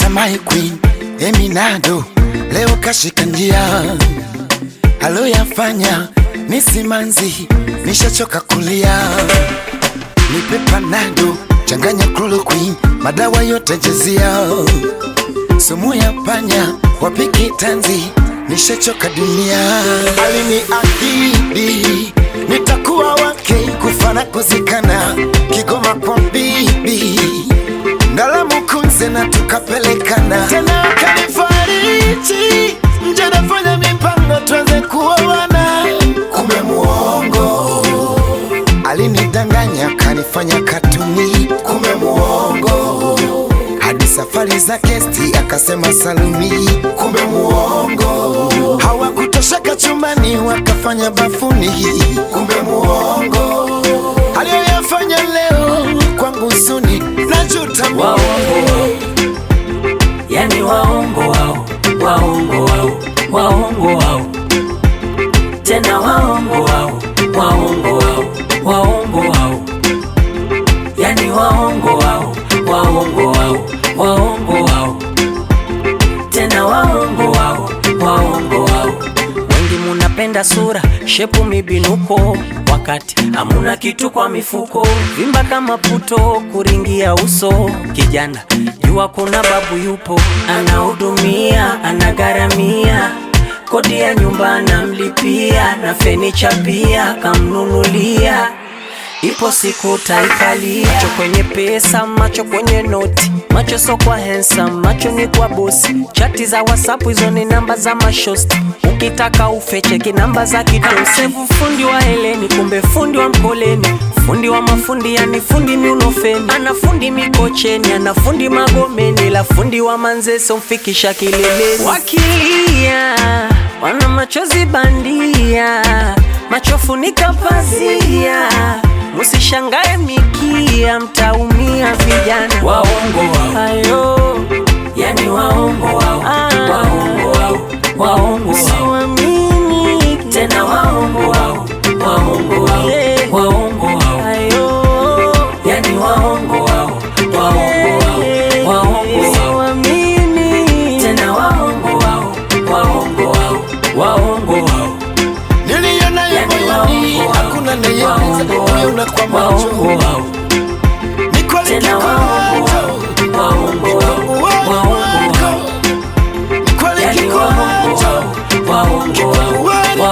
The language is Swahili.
Wanamuita my queen Eminado, leo kashika njia, aloyafanya ni simanzi, nishachoka kulia. Nipe panado, changanya queen, madawa yote jezia, sumu ya panya, wapiki tanzi, nishachoka dunia. Aliniahidi nitakuwa wake, kufa na kuzikana tena akanifariji, mja nafanya mipango tuanze kuoana, kumbe muongo. Alinidanganya kanifanya katuni, kumbe muongo. Hadi safari za kesti akasema salumi kumbe muongo. Hawakutosheka chumani wakafanya bafuni, kumbe muongo. Aliyoyafanya leo ni waongo wao, waongo wao, waongo wao, tena waongo wao, waongo wao, waongo wao, yani waongo wao, waongo wao, waongo wao, tena waongo wao, waongo wao. Wengi munapenda sura, shepu, mibinuko wakati hamuna kitu kwa mifuko, vimba kama puto, kuringia uso kijana Najua kuna babu yupo anahudumia, anagharamia kodi ya nyumba anamlipia, na fenicha pia kamnunulia. Ipo siku taikalia. Macho kwenye pesa, macho kwenye noti, macho so kwa handsome, macho ni kwa bosi. Chati za WhatsApp hizo ni namba za mashosti, ukitaka ufecheki namba za kitosi. Fundi wa heleni, kumbe fundi wa mkoleni Fundi wa mafundi yani fundi miunofeni ana fundi mikocheni ana fundi magomeni la fundi wa manzeso mfikisha kileleni. Wakilia wana machozi bandia, machofu nikapazia, musishangae mikia, mtaumia vijana waongo. Ayo yani waongo wao, ah. waongo wao, waongo tena waongo waongo waongo, waongo waongo